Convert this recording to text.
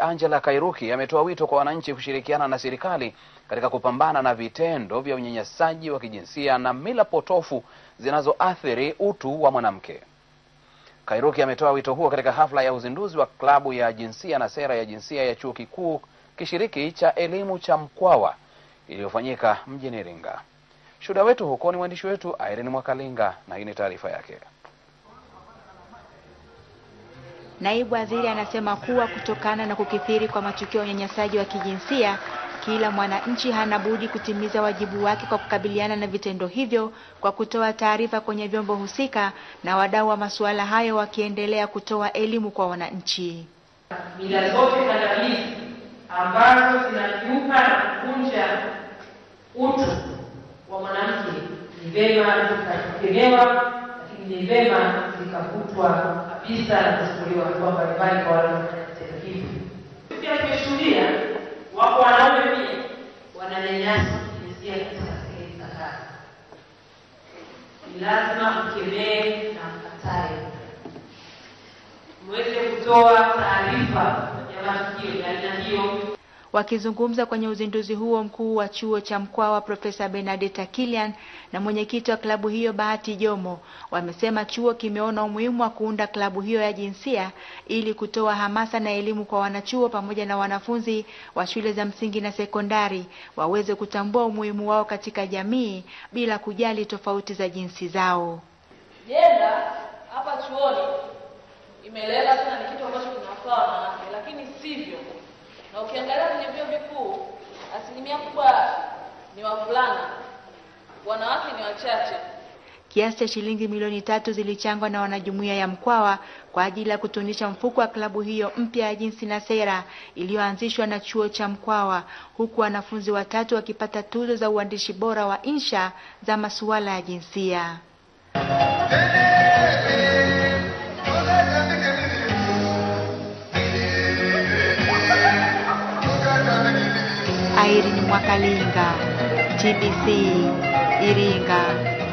Angela Kairuki ametoa wito kwa wananchi kushirikiana na serikali katika kupambana na vitendo vya unyanyasaji wa kijinsia na mila potofu zinazoathiri utu wa mwanamke. Kairuki ametoa wito huo katika hafla ya uzinduzi wa klabu ya jinsia na sera ya jinsia ya chuo kikuu kishiriki cha elimu cha Mkwawa iliyofanyika mjini Iringa. Shuhuda wetu huko ni mwandishi wetu Irene Mwakalinga na hii ni taarifa yake. Naibu waziri anasema kuwa kutokana na kukithiri kwa matukio ya unyanyasaji wa kijinsia, kila mwananchi hana budi kutimiza wajibu wake kwa kukabiliana na vitendo hivyo kwa kutoa taarifa kwenye vyombo husika, na wadau wa masuala hayo wakiendelea kutoa elimu kwa wananchi. Mila zote kandamizi ambazo zinakiuka na kuvunja utu wa mwanamke ni vyema zikakemewa ni vema zikakutwa kabisa na kuchukuliwa hatua mbalimbali kwa wanaofanya vitendo hivi. Pia tumeshuhudia wako wanaume pia wananyanyasa kijinsia katika sehemu za kazi. Ni lazima mkemee na mkatae, mweze kutoa taarifa ya matukio ya aina hiyo. Wakizungumza kwenye uzinduzi huo mkuu wa chuo cha Mkwawa, Profesa Benedetta Kilian na mwenyekiti wa klabu hiyo Bahati Jomo wamesema chuo kimeona umuhimu wa kuunda klabu hiyo ya jinsia ili kutoa hamasa na elimu kwa wanachuo pamoja na wanafunzi wa shule za msingi na sekondari waweze kutambua umuhimu wao katika jamii bila kujali tofauti za jinsi zao. Jenda hapa chuoni imeleka sana, ni kitu ambacho kinafaa wanawake, lakini sivyo na ukiangalia kwenye vyuo vikuu asilimia kubwa ni wavulana, wanawake ni wachache. Kiasi cha shilingi milioni tatu zilichangwa na wanajumuiya ya Mkwawa kwa ajili ya kutunisha mfuko wa klabu hiyo mpya ya jinsi na sera iliyoanzishwa na chuo cha Mkwawa, huku wanafunzi watatu wakipata tuzo za uandishi bora wa insha za masuala ya jinsia. Mwakalinga, GPC, Iringa,